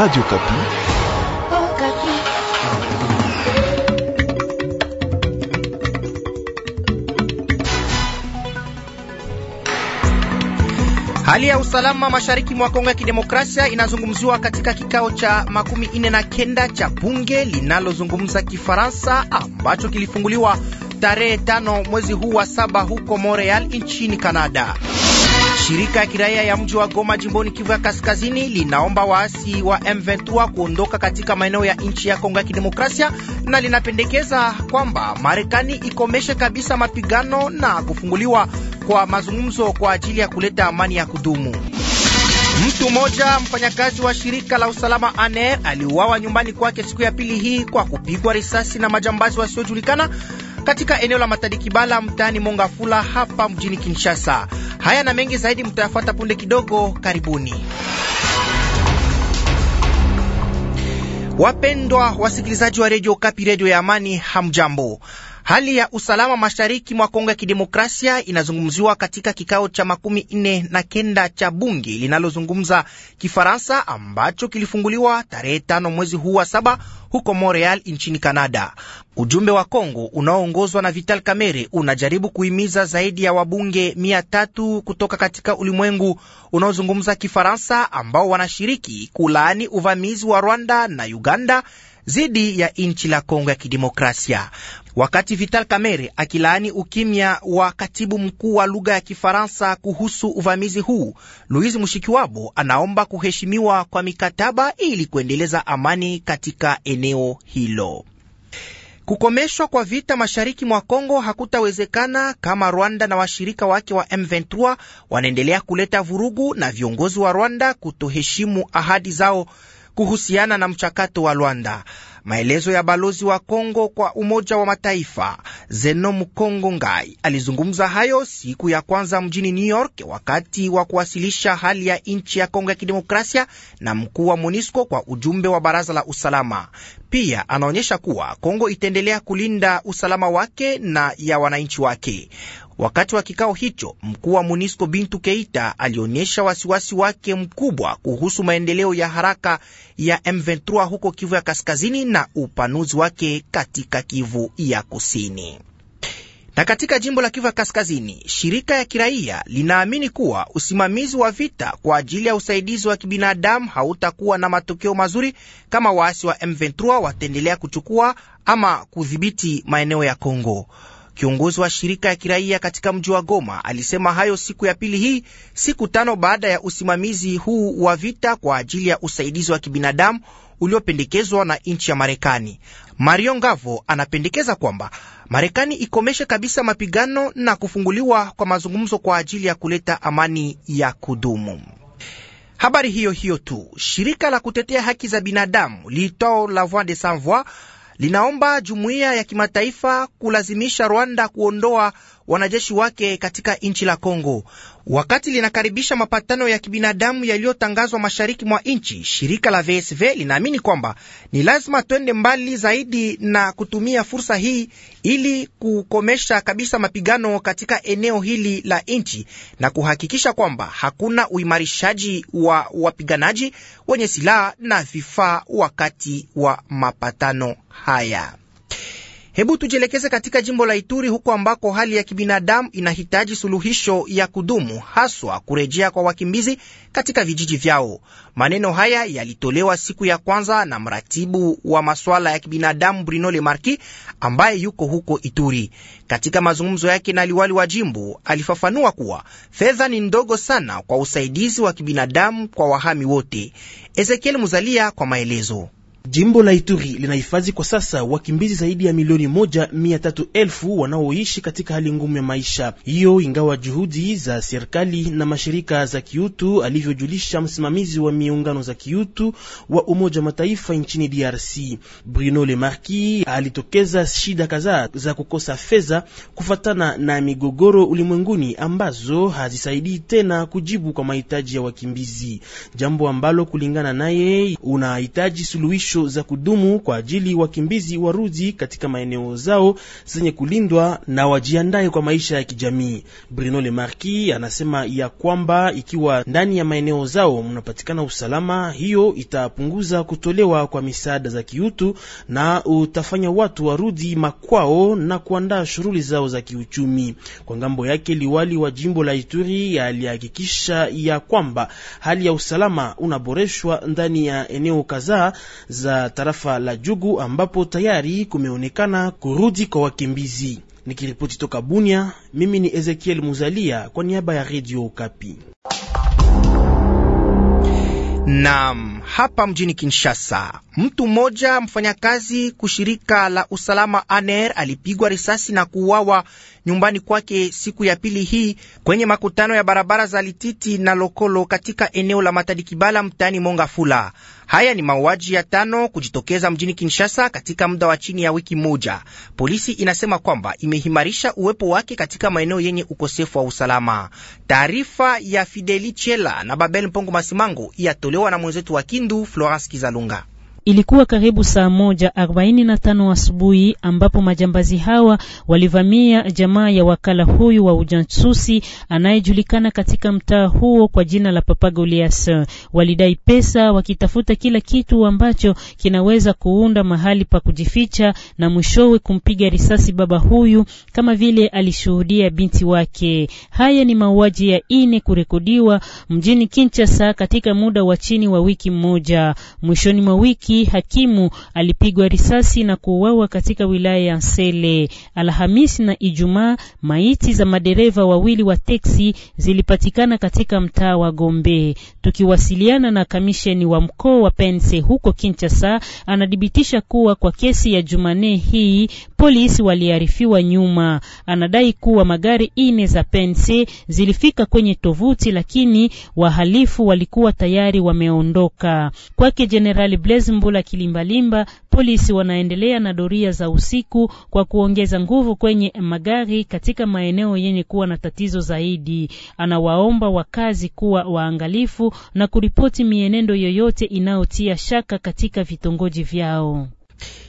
Radio Kapi. Oh, Kapi. Hali ya usalama mashariki mwa Kongo ya Kidemokrasia inazungumziwa katika kikao cha makumi ine na kenda cha bunge linalozungumza Kifaransa ambacho kilifunguliwa tarehe tano mwezi huu wa saba huko Montreal nchini Kanada. Shirika ya kiraia ya mji wa Goma jimboni Kivu ya Kaskazini linaomba waasi wa M23 kuondoka katika maeneo ya nchi ya Kongo ya Kidemokrasia na linapendekeza kwamba Marekani ikomeshe kabisa mapigano na kufunguliwa kwa mazungumzo kwa ajili ya kuleta amani ya kudumu. Mtu mmoja mfanyakazi wa shirika la usalama ane aliuawa nyumbani kwake siku ya pili hii kwa kupigwa risasi na majambazi wasiojulikana katika eneo la Matadi Kibala mtaani Mongafula hapa mjini Kinshasa. Haya na mengi zaidi mtayafuata punde kidogo. Karibuni. Wapendwa wasikilizaji wa redio Kapi, redio ya amani, hamjambo. Hali ya usalama mashariki mwa Kongo ya Kidemokrasia inazungumziwa katika kikao cha makumi nne na kenda cha bunge linalozungumza Kifaransa ambacho kilifunguliwa tarehe tano mwezi huu wa saba huko Montreal nchini Canada. Ujumbe wa Kongo unaoongozwa na Vital Kamerhe unajaribu kuhimiza zaidi ya wabunge mia tatu kutoka katika ulimwengu unaozungumza Kifaransa ambao wanashiriki kulaani uvamizi wa Rwanda na Uganda dhidi ya nchi la Kongo ya Kidemokrasia. Wakati Vital Kamerhe akilaani ukimya wa katibu mkuu wa lugha ya Kifaransa kuhusu uvamizi huu, Louise Mushikiwabo anaomba kuheshimiwa kwa mikataba ili kuendeleza amani katika eneo hilo. Kukomeshwa kwa vita mashariki mwa Kongo hakutawezekana kama Rwanda na washirika wake wa M23 wanaendelea kuleta vurugu na viongozi wa Rwanda kutoheshimu ahadi zao kuhusiana na mchakato wa Luanda. Maelezo ya balozi wa Kongo kwa Umoja wa Mataifa Zeno kongo Ngai alizungumza hayo siku ya kwanza mjini New York wakati wa kuwasilisha hali ya nchi ya Kongo ya Kidemokrasia na mkuu wa MONUSCO kwa ujumbe wa Baraza la Usalama. Pia anaonyesha kuwa Kongo itaendelea kulinda usalama wake na ya wananchi wake. Wakati wa kikao hicho, mkuu wa MONUSCO Bintu Keita alionyesha wasiwasi wake mkubwa kuhusu maendeleo ya haraka ya M23 huko Kivu ya kaskazini na upanuzi wake katika Kivu ya kusini. Na katika jimbo la Kivu ya kaskazini, shirika ya kiraia linaamini kuwa usimamizi wa vita kwa ajili ya usaidizi wa kibinadamu hautakuwa na matokeo mazuri kama waasi wa M23 wataendelea kuchukua ama kudhibiti maeneo ya Kongo. Kiongozi wa shirika ya kiraia katika mji wa Goma alisema hayo siku ya pili hii, siku tano baada ya usimamizi huu wa vita kwa ajili ya usaidizi wa kibinadamu uliopendekezwa na nchi ya Marekani. Mario Ngavo anapendekeza kwamba Marekani ikomeshe kabisa mapigano na kufunguliwa kwa mazungumzo kwa ajili ya kuleta amani ya kudumu. Habari hiyo hiyo tu, shirika la kutetea haki za binadamu liitwao La Voix des Sans Voix linaomba jumuiya ya kimataifa kulazimisha Rwanda kuondoa wanajeshi wake katika nchi la Kongo. Wakati linakaribisha mapatano ya kibinadamu yaliyotangazwa mashariki mwa nchi, shirika la VSV linaamini kwamba ni lazima twende mbali zaidi na kutumia fursa hii ili kukomesha kabisa mapigano katika eneo hili la nchi na kuhakikisha kwamba hakuna uimarishaji wa wapiganaji wenye silaha na vifaa wakati wa mapatano haya. Hebu tujielekeze katika jimbo la Ituri, huko ambako hali ya kibinadamu inahitaji suluhisho ya kudumu, haswa kurejea kwa wakimbizi katika vijiji vyao. Maneno haya yalitolewa siku ya kwanza na mratibu wa masuala ya kibinadamu Bruno marki ambaye yuko huko Ituri. Katika mazungumzo yake na liwali wa jimbo, alifafanua kuwa fedha ni ndogo sana kwa usaidizi wa kibinadamu kwa wahami wote. Ezekiel Muzalia kwa maelezo. Jimbo la Ituri linahifadhi kwa sasa wakimbizi zaidi ya milioni moja mia tatu elfu wanaoishi katika hali ngumu ya maisha hiyo, ingawa juhudi za serikali na mashirika za kiutu, alivyojulisha msimamizi wa miungano za kiutu wa Umoja wa Mataifa nchini DRC Bruno Lemarquis, alitokeza shida kadhaa za kukosa fedha kufatana na migogoro ulimwenguni ambazo hazisaidii tena kujibu kwa mahitaji ya wakimbizi, jambo ambalo kulingana naye unahitaji suluhisho posho za kudumu kwa ajili wakimbizi warudi katika maeneo zao zenye kulindwa na wajiandaye kwa maisha ya kijamii. Bruno Le Marquis anasema ya kwamba ikiwa ndani ya maeneo zao mnapatikana usalama, hiyo itapunguza kutolewa kwa misaada za kiutu na utafanya watu warudi makwao na kuandaa shughuli zao za kiuchumi. Kwa ngambo yake, liwali wa jimbo la Ituri alihakikisha ya kwamba hali ya usalama unaboreshwa ndani ya eneo kadhaa za tarafa la Jugu ambapo tayari kumeonekana kurudi kwa wakimbizi. Nikiripoti toka Bunia, mimi ni Ezekiel Muzalia kwa niaba ya Redio Okapi. Nam, hapa mjini Kinshasa, mtu mmoja mfanyakazi kushirika la usalama ANER alipigwa risasi na kuuawa nyumbani kwake siku ya pili hii kwenye makutano ya barabara za Lititi na Lokolo katika eneo la Matadikibala mtaani Mongafula. Haya ni mauaji ya tano kujitokeza mjini Kinshasa katika muda wa chini ya wiki moja. Polisi inasema kwamba imehimarisha uwepo wake katika maeneo yenye ukosefu wa usalama. Taarifa ya Fideli Chela na Babel Mpongo Masimango iyatolewa na mwenzetu wa Kindu, Florence Kizalunga. Ilikuwa karibu saa moja arobaini na tano asubuhi ambapo majambazi hawa walivamia jamaa ya wakala huyu wa ujasusi anayejulikana katika mtaa huo kwa jina la Papa Golias. Walidai pesa wakitafuta kila kitu ambacho kinaweza kuunda mahali pa kujificha na mwishowe kumpiga risasi baba huyu kama vile alishuhudia binti wake. Haya ni mauaji ya ine kurekodiwa mjini Kinshasa katika muda wa chini wa wiki moja. Mwishoni mwa wiki hii hakimu alipigwa risasi na kuuawa katika wilaya ya Nsele. Alhamisi na Ijumaa, maiti za madereva wawili wa teksi zilipatikana katika mtaa wa Gombe. Tukiwasiliana na kamisheni wa mkoa wa Pense huko Kinshasa, anadhibitisha kuwa kwa kesi ya Jumanne hii polisi waliarifiwa nyuma. Anadai kuwa magari ine za Pense zilifika kwenye tovuti, lakini wahalifu walikuwa tayari wameondoka. Kwake Jenerali Blaise Mbula Kilimbalimba, polisi wanaendelea na doria za usiku kwa kuongeza nguvu kwenye magari katika maeneo yenye kuwa na tatizo zaidi. Anawaomba wakazi kuwa waangalifu na kuripoti mienendo yoyote inayotia shaka katika vitongoji vyao.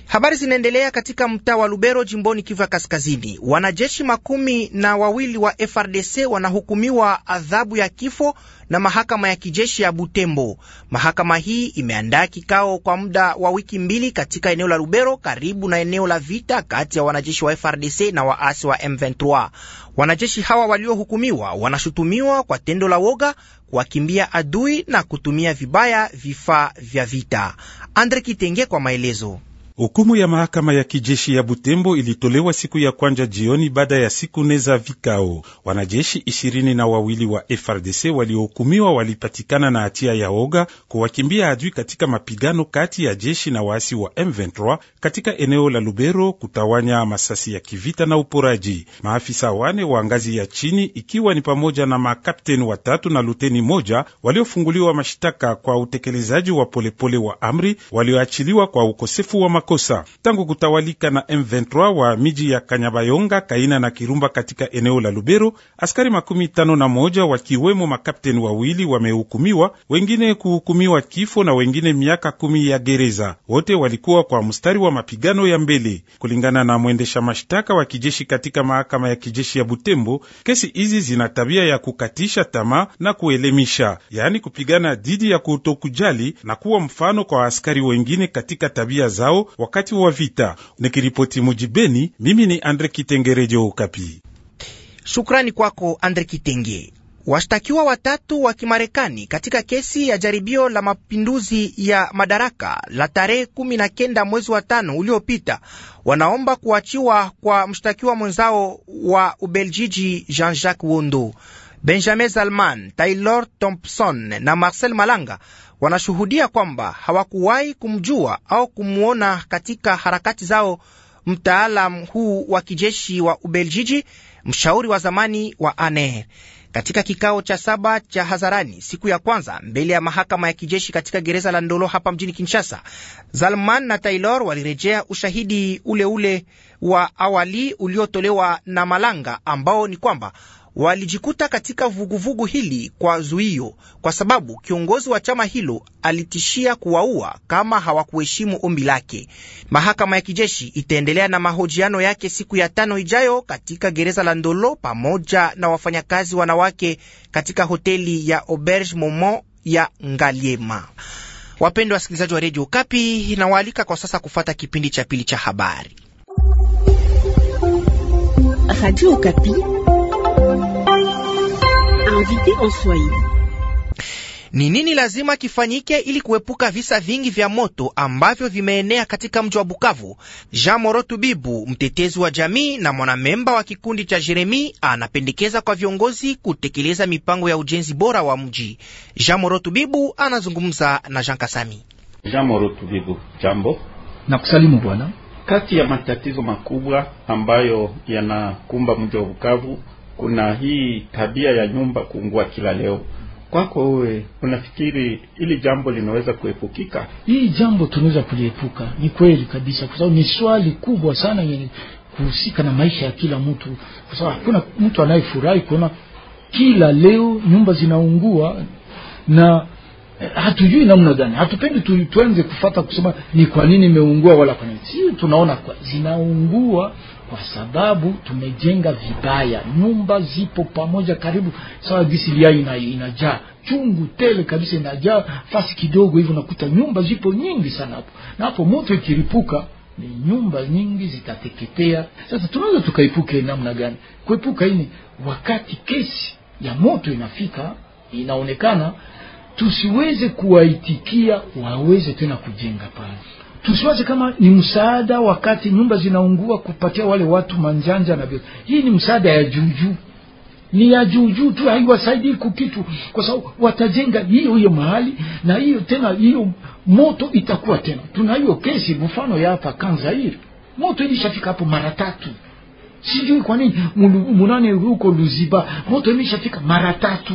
Habari zinaendelea katika mtaa wa Lubero jimboni Kivu ya Kaskazini. Wanajeshi makumi na wawili wa FRDC wanahukumiwa adhabu ya kifo na mahakama ya kijeshi ya Butembo. Mahakama hii imeandaa kikao kwa muda wa wiki mbili katika eneo la Lubero, karibu na eneo la vita kati ya wanajeshi wa FRDC na waasi wa M23. Wanajeshi hawa waliohukumiwa wanashutumiwa kwa tendo la woga, kuwakimbia adui na kutumia vibaya vifaa vya vita. Andre Kitenge kwa maelezo. Hukumu ya mahakama ya kijeshi ya Butembo ilitolewa siku ya kwanja jioni baada ya siku nne za vikao. Wanajeshi ishirini na wawili wa FRDC waliohukumiwa walipatikana na hatia ya oga kuwakimbia adui katika mapigano kati ya jeshi na waasi wa M23 katika eneo la Lubero, kutawanya masasi ya kivita na uporaji. Maafisa wane wa ngazi ya chini ikiwa ni pamoja na makapteni watatu na luteni moja waliofunguliwa mashtaka kwa utekelezaji wa polepole wa amri walioachiliwa kwa ukosefu wa makosa. Tangu kutawalika na M23 wa miji ya Kanyabayonga, Kaina na Kirumba katika eneo la Lubero, askari makumi tano na moja wakiwemo makapteni wawili wamehukumiwa, wengine kuhukumiwa kifo na wengine miaka kumi ya gereza. Wote walikuwa kwa mstari wa mapigano ya mbele, kulingana na mwendesha mashtaka wa kijeshi katika mahakama ya kijeshi ya Butembo. Kesi hizi zina tabia ya kukatisha tamaa na kuelemisha, yaani kupigana dhidi ya kutokujali na kuwa mfano kwa askari wengine katika tabia zao wakati wa vita. Nikiripoti Mujibeni, mimi ni Andre Kitenge, Redio Okapi. Shukrani kwako Andre Kitenge. Washtakiwa watatu wa Kimarekani katika kesi ya jaribio la mapinduzi ya madaraka la tarehe kumi na kenda mwezi wa tano uliopita wanaomba kuachiwa kwa mshtakiwa mwenzao wa Ubeljiji Jean-Jacques Wondo, Benjamin Zalman, Taylor Thompson na Marcel Malanga wanashuhudia kwamba hawakuwahi kumjua au kumwona katika harakati zao mtaalam huu wa kijeshi wa Ubeljiji, mshauri wa zamani wa Aner. Katika kikao cha saba cha hadharani siku ya kwanza mbele ya mahakama ya kijeshi katika gereza la Ndolo hapa mjini Kinshasa, Zalman na Taylor walirejea ushahidi uleule ule wa awali uliotolewa na Malanga ambao ni kwamba walijikuta katika vuguvugu vugu hili kwa zuio, kwa sababu kiongozi wa chama hilo alitishia kuwaua kama hawakuheshimu ombi lake. Mahakama ya kijeshi itaendelea na mahojiano yake siku ya tano ijayo katika gereza la Ndolo pamoja na wafanyakazi wanawake katika hoteli ya Auberge Momo ya Ngaliema. Wapendwa wasikilizaji wa redio Kapi, inawaalika kwa sasa kufata kipindi cha pili cha habari Radio Kapi invité en Swahili. Ni nini lazima kifanyike ili kuepuka visa vingi vya moto ambavyo vimeenea katika mji wa Bukavu? Jean Morotu Bibu, mtetezi wa jamii na mwanamemba wa kikundi cha Jeremi, anapendekeza kwa viongozi kutekeleza mipango ya ujenzi bora wa mji. Jean Morotu Bibu anazungumza na Jean Kasami. Jean Morotu Bibu, jambo. Nakusalimu bwana. Kati ya matatizo makubwa ambayo yanakumba mji wa Bukavu kuna hii tabia ya nyumba kuungua kila leo. Kwako wewe unafikiri hili jambo linaweza kuepukika? Hii jambo tunaweza kuliepuka, ni kweli kabisa, kwa sababu ni swali kubwa sana yenye kuhusika na maisha ya kila mtu, kwa sababu hakuna mtu anayefurahi kuona kila leo nyumba zinaungua na eh, hatujui namna gani, hatupendi tu, tuanze kufata kusema ni kwa nini imeungua wala kwa nini si, tunaona kwa zinaungua kwa sababu tumejenga vibaya, nyumba zipo pamoja karibu sawa, visilia ina inajaa chungu tele kabisa, inajaa fasi kidogo hivyo, nakuta nyumba zipo nyingi sana hapo, na hapo moto ikiripuka ni nyumba nyingi zitateketea. Sasa tunaweza tukaipuka namna gani? Kuepuka ini, wakati kesi ya moto inafika inaonekana, tusiweze kuwaitikia waweze tena kujenga pale tusiwaze kama ni msaada wakati nyumba zinaungua kupatia wale watu manjanja na vyote. Hii ni msaada ya juujuu, ni ya juujuu tu, haiwasaidii kukitu, kwa sababu watajenga hiyo hiyo mahali na hiyo tena, hiyo moto itakuwa tena. Tuna hiyo kesi mfano ya hapa Kanzairi, moto ilishafika hapo mara tatu, sijui kwa nini munane huko Luziba moto imeshafika mara tatu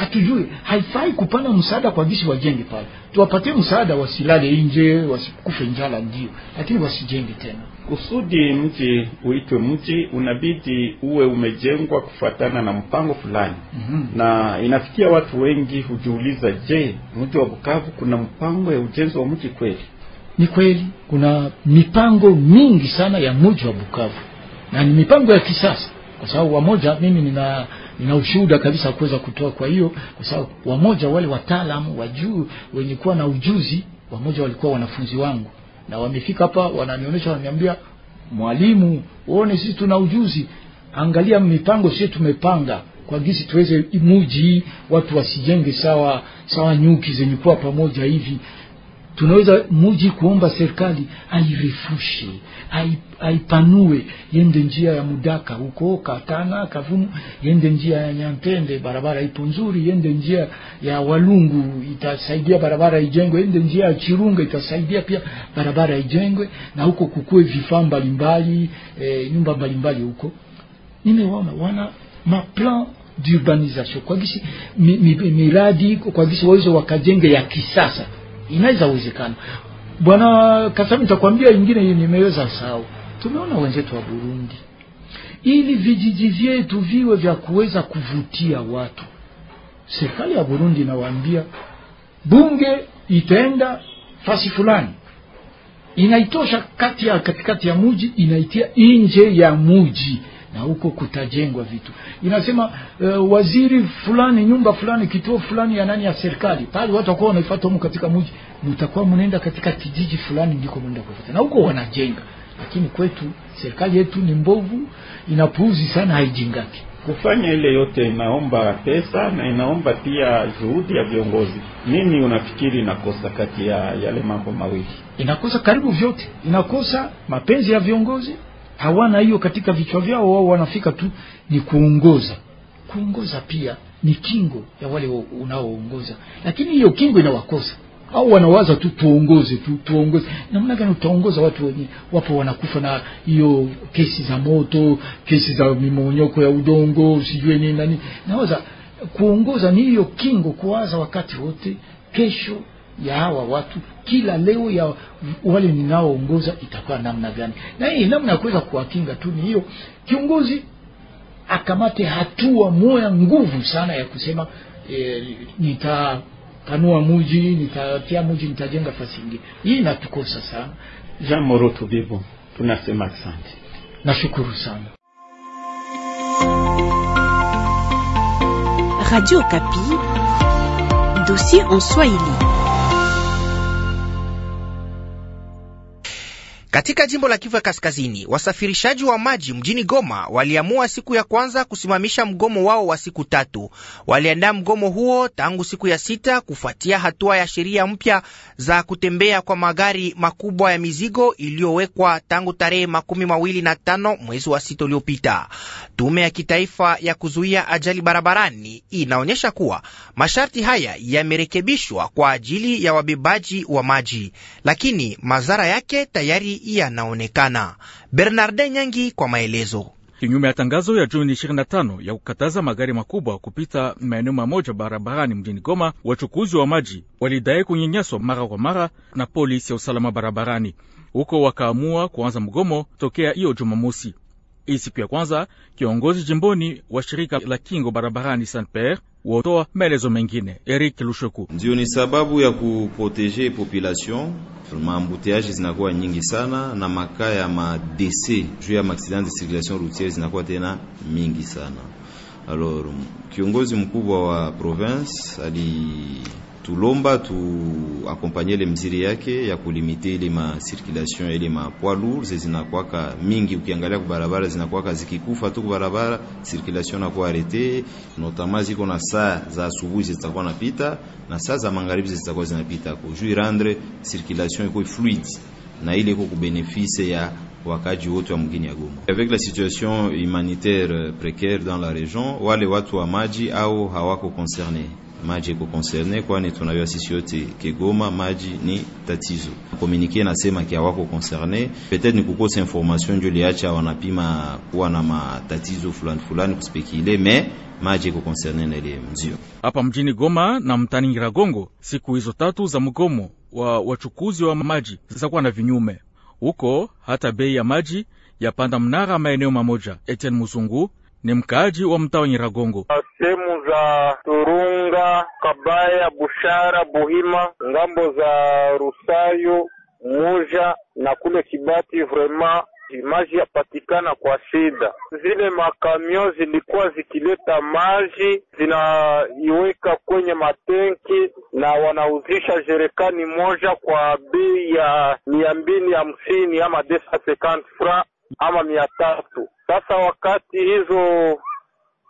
hatujui haifai kupana msaada kwa gisi wajenge pale, tuwapatie msaada, wasilale nje, wasikufe njala, ndio lakini wasijenge tena. Kusudi mji uitwe mji, unabidi uwe umejengwa kufuatana na mpango fulani. mm -hmm. Na inafikia watu wengi hujiuliza, je, mji wa Bukavu kuna mpango ya ujenzi wa mji kweli? Ni kweli kuna mipango mingi sana ya mji wa Bukavu na ni mipango ya kisasa, kwa sababu wamoja, mimi nina nina ushuhuda kabisa kuweza kutoa. Kwa hiyo kwa sababu wamoja wale wataalamu wa juu wenye kuwa na ujuzi, wamoja walikuwa wanafunzi wangu na wamefika hapa, wananionyesha, wananiambia, mwalimu, uone sisi tuna ujuzi, angalia mipango sisi tumepanga kwa gisi tuweze imuji watu wasijenge sawa sawa nyuki zenye kuwa pamoja hivi tunaweza muji kuomba serikali airefushe aipanue, yende njia ya Mudaka huko Katana Kavumu, yende njia ya Nyampende, barabara ipo nzuri, yende njia ya Walungu itasaidia barabara ijengwe, yende njia ya Chirunga itasaidia pia barabara ijengwe, na huko kukue vifaa mbalimbali, e, nyumba mbalimbali huko. nimeona wana maplan d'urbanisation kwa gisi miradi mi, mi, kwa gisi wakajenge ya kisasa inaweza uwezekana. Bwana kasami nitakwambia ingine nimeweza sawa. Tumeona wenzetu wa Burundi, ili vijiji vyetu viwe vya kuweza kuvutia watu, serikali ya Burundi inawaambia bunge itaenda fasi fulani, inaitosha kati ya katikati ya muji, inaitia nje ya muji na huko kutajengwa vitu inasema uh, waziri fulani, nyumba fulani, kituo fulani ya nani ya serikali pale, watu wako wanaifuata huko katika mji, mtakuwa mnaenda katika kijiji fulani, ndiko mnaenda kufuata, na huko wanajenga. Lakini kwetu serikali yetu ni mbovu, inapuuzi sana, haijingaki kufanya ile yote. Inaomba pesa na inaomba pia juhudi ya viongozi. Nini unafikiri inakosa kati ya yale mambo mawili? Inakosa karibu vyote, inakosa mapenzi ya viongozi hawana hiyo katika vichwa vyao. Wao wanafika tu ni kuongoza. Kuongoza pia ni kingo ya wale unaoongoza, lakini hiyo kingo inawakosa au wanawaza tu tuongoze tu tuongoze. Namna gani utaongoza watu wenye wapo wanakufa na hiyo kesi za moto, kesi za mimonyoko ya udongo, sijue nini nani. Nawaza kuongoza ni hiyo kingo, kuwaza wakati wote kesho ya hawa watu kila leo ya wale ninaoongoza itakuwa namna gani? Na hii namna ya kuweza kuwakinga tu ni hiyo, kiongozi akamate hatua moya nguvu sana ya kusema e, nitapanua muji, nitatia muji, nitajenga fasi ingine. Hii inatukosa sana. Jean Moroto Bibo, tunasema asante, nashukuru sana Radio Kapi, dossier en Swahili. Katika jimbo la Kivu ya Kaskazini, wasafirishaji wa maji mjini Goma waliamua siku ya kwanza kusimamisha mgomo wao wa siku tatu. Waliandaa mgomo huo tangu siku ya sita kufuatia hatua ya sheria mpya za kutembea kwa magari makubwa ya mizigo iliyowekwa tangu tarehe makumi mawili na tano mwezi wa sita uliopita. Tume ya kitaifa ya kuzuia ajali barabarani inaonyesha kuwa masharti haya yamerekebishwa kwa ajili ya wabebaji wa maji, lakini madhara yake tayari yanaonekana. Bernarde Nyangi kwa maelezo. Kinyume ya tangazo ya Juni 25 ya kukataza magari makubwa kupita maeneo mamoja barabarani mjini Goma, wachukuzi wa maji walidai kunyenyaswa mara kwa mara na polisi ya usalama barabarani huko, wakaamua kuanza mgomo tokea hiyo Jumamosi. Hii siku ya kwanza kiongozi jimboni wa shirika la kingo barabarani Sanper wotoa maelezo mengine. Eric Lushoku: ndio ni sababu ya kuproteje population, maambuteaji zinakuwa nyingi sana na makaa ya madese juu ya maksidan de circulation routiere zinakuwa tena mingi sana. Alors kiongozi mkubwa wa province ali tulomba tuakompanye ile mziri yake ya kulimite ile ma circulation ile ma poids lourds zinakwaka mingi. Ukiangalia kubarabara zinakwaka zikikufa tu kubarabara, circulation na kuarete notama ziko na saa za asubuhi zitakuwa napita na saa za magharibi zitakuwa zinapita kwa juu rendre circulation iko fluide na ile iko kubenefise ya wakaji wote wa mgini ya Goma. Avec la situation humanitaire précaire dans la région wale watu wa maji au hawako concernés maji iko concerne, kwani tunajua sisi yote kegoma maji ni tatizo. Komunike nasema kia wako concerne, peut-être ni kukosa information ndio liacha wanapima kuwa na matatizo fulani fulani kuspekile me maji iko concerne na ile mzio hapa mjini Goma na mtani Nyiragongo. Siku hizo tatu za mgomo wa wachukuzi wa maji zitakuwa na vinyume huko, hata bei ya maji yapanda mnara maeneo mamoja. Etienne Musungu ni mkaaji wa mtaa wa Nyiragongo, sehemu za Turunga, Kabaya, Bushara, Buhima, ngambo za Rusayo, Muja na kule Kibati. Vrema maji yapatikana kwa shida. Zile makamio zilikuwa zikileta maji zinaiweka kwenye matenki na wanauzisha jerekani moja kwa bei ya mia mbili hamsini ama francs ama mia tatu. Sasa wakati hizo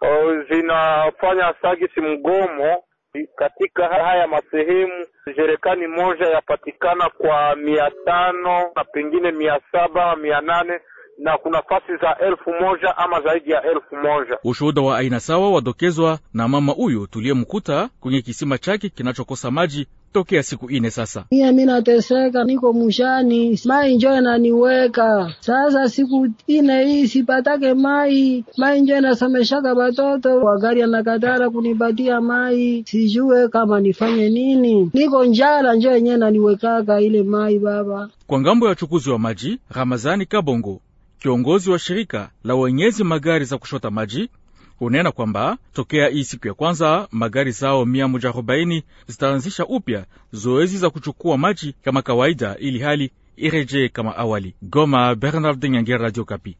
uh, zinafanya sagisi mgomo katika haya masehemu, jerekani moja yapatikana kwa mia tano na pengine mia saba mia nane na kuna fasi za elfu moja ama zaidi ya elfu moja. Ushuhuda wa aina sawa wadokezwa na mama huyu tuliyemkuta kwenye kisima chake kinachokosa maji tokea siku ine sasa. Mie minateseka, niko mushani, mai njo inaniweka sasa. Siku ine hii sipatake mai, mai njo inasomeshaka batoto, wagari anakatara kunipatia mai, sijue kama nifanye nini, niko njala, njo yenyewe naniwekaka ile mai. Baba kwa ngambo ya uchukuzi wa maji, Ramazani Kabongo kiongozi wa shirika la wenyezi magari za kushota maji unena kwamba tokea hii siku ya kwanza magari zao 140 zitaanzisha upya zoezi za kuchukua maji kama kawaida, ili hali irejee kama awali. Goma, Bernard Nyangira, Radio Kapi.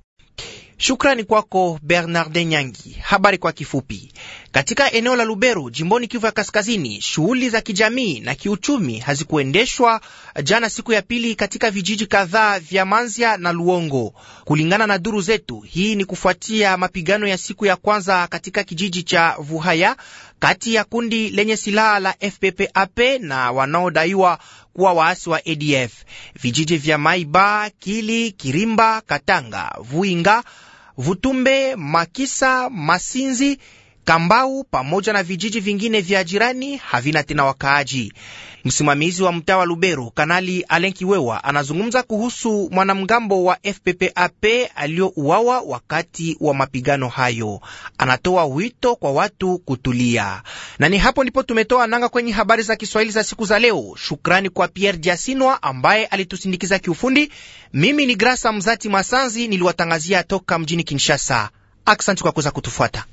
Shukrani kwako Bernarde Nyangi. Habari kwa kifupi. Katika eneo la Lubero, jimboni Kivu ya Kaskazini, shughuli za kijamii na kiuchumi hazikuendeshwa jana, siku ya pili, katika vijiji kadhaa vya Manzia na Luongo. Kulingana na duru zetu, hii ni kufuatia mapigano ya siku ya kwanza katika kijiji cha Vuhaya kati ya kundi lenye silaha la FPPAP na wanaodaiwa kuwa waasi wa ADF. Vijiji vya Maiba, Kili, Kirimba, Katanga, Vuinga Vutumbe, Makisa, Masinzi Kambau pamoja na vijiji vingine vya jirani havina tena wakaaji. Msimamizi wa mtaa wa Lubero, Kanali Alenki Wewa, anazungumza kuhusu mwanamgambo wa FPPAP aliyouawa wakati wa mapigano hayo. Anatoa wito kwa watu kutulia, na ni hapo ndipo tumetoa nanga kwenye habari za Kiswahili za siku za leo. Shukrani kwa Pierre Jasinwa ambaye alitusindikiza kiufundi. Mimi ni Grasa Mzati Masanzi, niliwatangazia toka mjini Kinshasa. Aksanti kwa kuweza kutufuata.